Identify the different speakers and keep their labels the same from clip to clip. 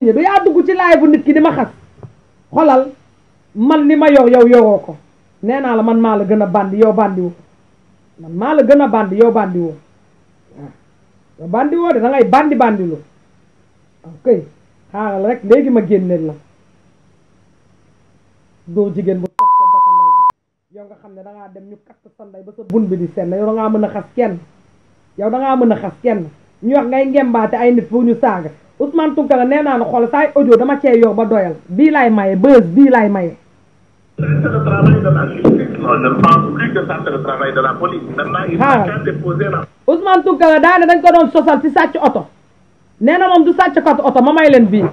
Speaker 1: du yaa dugg ci laay bu nit ki di ma xas xolal man li ma yor yow yoroo ko nee naa la man maa la gën a bandi yow bandiwoo man maa la gën a bandi yow bandiwoo waaw ah, yow bandiwoo de da ngay bandi bandiloo ok xaaral rek léegi ma génneel la doo jigéen bu kat sa bakkanday bi yow nga xam ne dangaa dem ñu a sa nday ba sa bun bi di senn yow dangaa mën a xas kenn yow dangaa mën a xas kenn ñu wax ngay baat ay nit pour ñu saaga Ousmane Tounkara nee naa ne xool saay audio dama cee yor ba doyal bii laay maye bës bii laay maye. c'est le travail de la dañ ko doon sosal ci sàcc oto nee na moom du sàcc kat oto ma may leen bii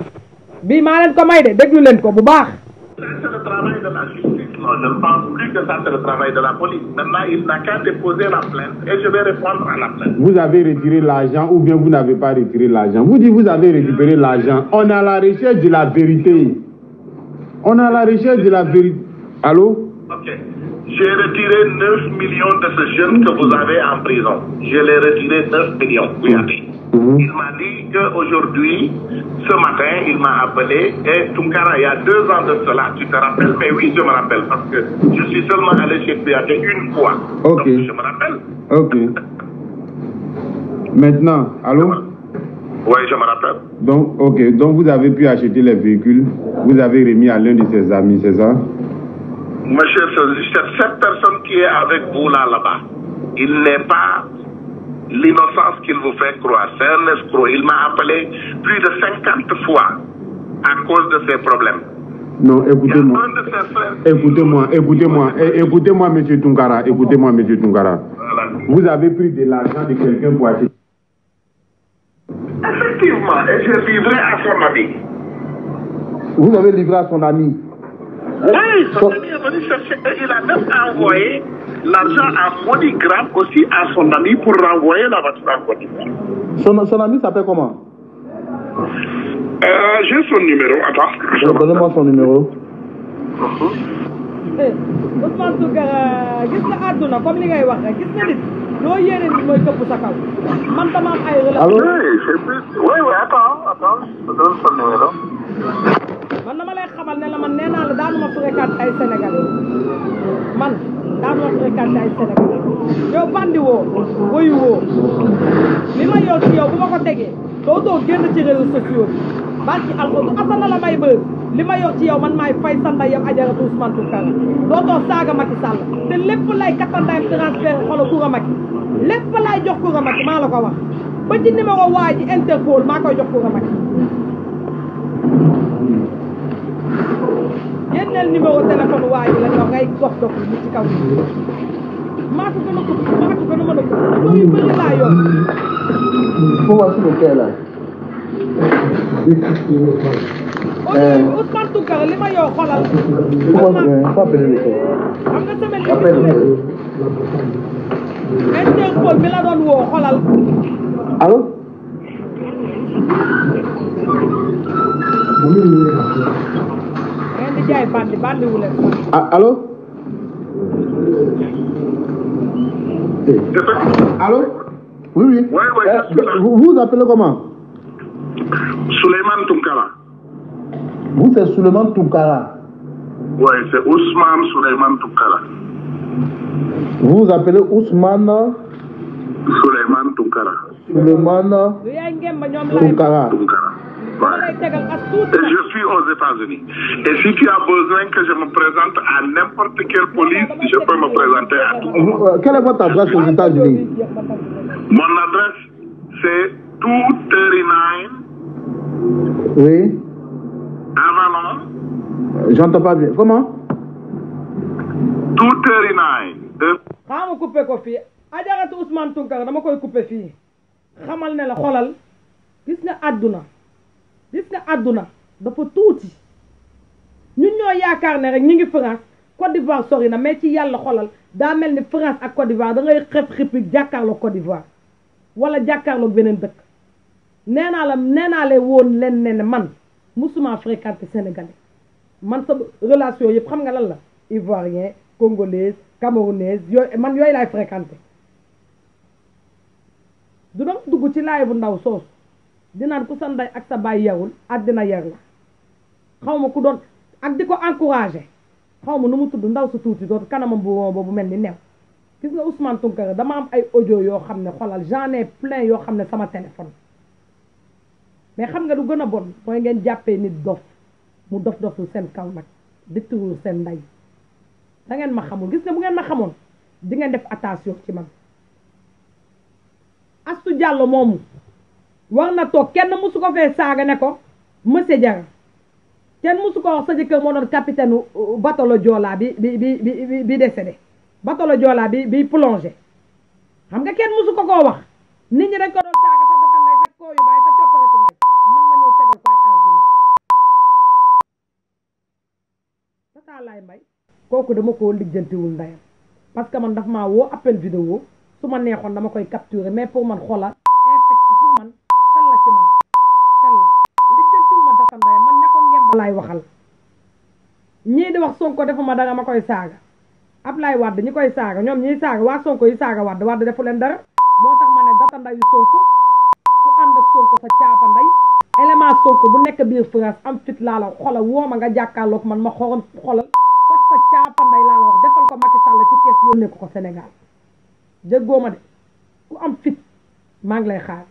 Speaker 1: bii maa leen ko may de déglu ko bu baax. non, je ne pense plus que ça, c'est le travail de la police. Maintenant, il n'a qu'à déposer la plainte et je vais répondre à la plainte. Vous avez retiré l'argent ou bien vous n'avez pas retiré l'argent. Vous dites vous avez récupéré l'argent. On est à la recherche de la vérité. On est à la recherche de la vérité. Allô? Ok. J'ai retiré 9 millions de ce jeune que vous avez en prison. Je l'ai retiré 9 millions. Regardez. Mmh. Il m'a dit qu'aujourd'hui, ce matin, il m'a appelé et Tunkara, il y a deux ans de cela, tu te rappelles Mais oui, je me rappelle parce que je suis seulement allé chez PAD une fois. Ok. Donc, je me rappelle. Ok. Maintenant, allô Oui, je me rappelle. Donc, ok. Donc, vous avez pu acheter les véhicules. Vous avez remis à l'un de ses amis, c'est ça Monsieur, cette personne qui est avec vous là, là-bas, il n'est pas l'innocent vous faire croire. C'est un escroc. Il m'a appelé plus de 50 fois à cause de ces problèmes. Non, écoutez-moi. Écoutez-moi, écoutez-moi, eh, écoutez-moi, monsieur Tungara, écoutez-moi, monsieur Tungara. Vous avez pris de l'argent de quelqu'un pour acheter. Effectivement, et je livré à son ami. Vous avez livré à son ami. Oui, son, son... ami l'argent à MoneyGram aussi à son ami pour renvoyer la voiture en Côte d'Ivoire. Son, son ami s'appelle comment euh, J'ai son numéro, attends. Donnez-moi son numéro. Eh, Ousmane Tounkara gis na àdduna comme man na lay xamal ne la man nee naa la daanuma fréquenté ay sénégalais man daanuma fréquenté ay sénégalais yow bandi woo woyu woo li ma yor ci yow bu ma ko tegee doo doo génn ci réseaux sociaux bi barki alxuraan du asana la may bëgg li ma yor ci man maay fay sanda yam ajaratu Ousmane Tounkara doo doo saaga Macky Sall te lépp lay kattandaayam transfert xolo Koura Macky lépp lay jox Koura Macky maa la ko wax ba ci numéro waa ji Interpol maa koy jox Koura Macky génneel numéro téléphone waa ji la ñoo ngay gox dox ñu ci kaw maatu gën a ko maatu gën a mën a ko loolu yu bëri laa yor fu wax suñu teel a eh. Ousmane Tounkara li ma yow xolal xam nga semaine Interpol bi la doon woo xolal allo ngeen alo jaay bandi bandi wu leen. ah allo. allo. oui oui. oui oui. vous vous appelez comment. Souleymane Tunkara. vous c'est Souleymane Tunkara. oui c'est Voilà. Je suis aux États-Unis. Et si tu as besoin que je me présente à n'importe quelle police, je peux me présenter à tout. Euh, quelle est votre adresse aux États-Unis Mon adresse, c'est 239. Oui. Avalon. Euh, J'entends pas bien. Comment 239. xaaral ma coupé ko fii ajaratu Ousmane Tounkara dama koy coupé fii xamal ne la xolal gis nga àdduna gis nga àdduna dafa tuuti ñu ñoo yaakaar ne rek ñu ngi France Côte d'Ivoire sori na mais ci yàlla xolal daa mel ni France ak Côte d'Ivoire da ngay xëpp xëppi jàkkaarloog d'Ivoire wala jàkkaarlook beneen dëkk nee naa la nee naa woon leen ne man musuma fréquenté sénégalais man sa relation yëpp xam nga lan la ivoirien congolaise camerounaise yooyu man yooyu laay fréquenté du doon dugg ci laay bu ndaw soosu dinaan ku sa ndey ak sa baay yeewul àddina yeer la xaw ma ku doon ak di ko encouragé xaw ma nu mu tudd ndaw su tuuti dootu kanamam bu woo bu mel ni new gis nga Ousmane Tounkara dama am ay audio yoo xam ne xolal j'en ai plein yoo xam ne sama téléphone mais xam nga lu gën a bon mooy ngeen jàppee nit dof mu dof doful seen kaw nag diktuwul seen ndey da ngeen ma xamul gis nga bu ngeen ma xamoon di ngeen def attention ci man Astou Diallo moomu war na toog kenn mësu ko fee saaga ne ko monsieur Diarra kenn mësu ko wax sa jëkkër moo doon capitaine bateau le Joola bi bi bi bi bi décédé bateau le bi bi plongé xam nga kenn mësu ko koo wax nit ñi dañ ko doon saaga sa dëkkan lay sa kooyu baay sa copparetu man ma ñëw tegal ko ay argument sa taalaay mbay kooku dama koo lijjantiwul ndeyam parce que man daf maa woo appel vidéo su ma neexoon dama koy capturer mais pour man xoolal ci man kan la lijjantiwu ma dafa ndey man ña ko ngemba laay waxal ñii di wax Sonko defu ma dara ma koy saaga Ablaye Wade ñi koy saaga ñoom ñiy saaga waa Sonko yi saaga Wade Wade defu leen dara moo tax ma ne data ndeyu Sonko ku ànd ak Sonko sa caapa ndey élément bu nekk biir France am fit laa la xoolal woo ma nga jàkkaarloog man ma xorom xoolal toj sa caapa ndey ko Macky Sall ci kees yónnee ko ko Sénégal maa ngi lay xaar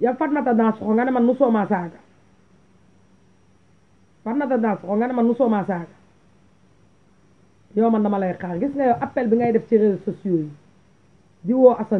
Speaker 1: yow Fatmata Dansokho nga ne man musoo maa saaga Fatmata Dansokho nga ne man musoo maa saaga yow na ma lay xaar gis nga yow appel bi ngay def ci réseaux sociaux yi di woo Assane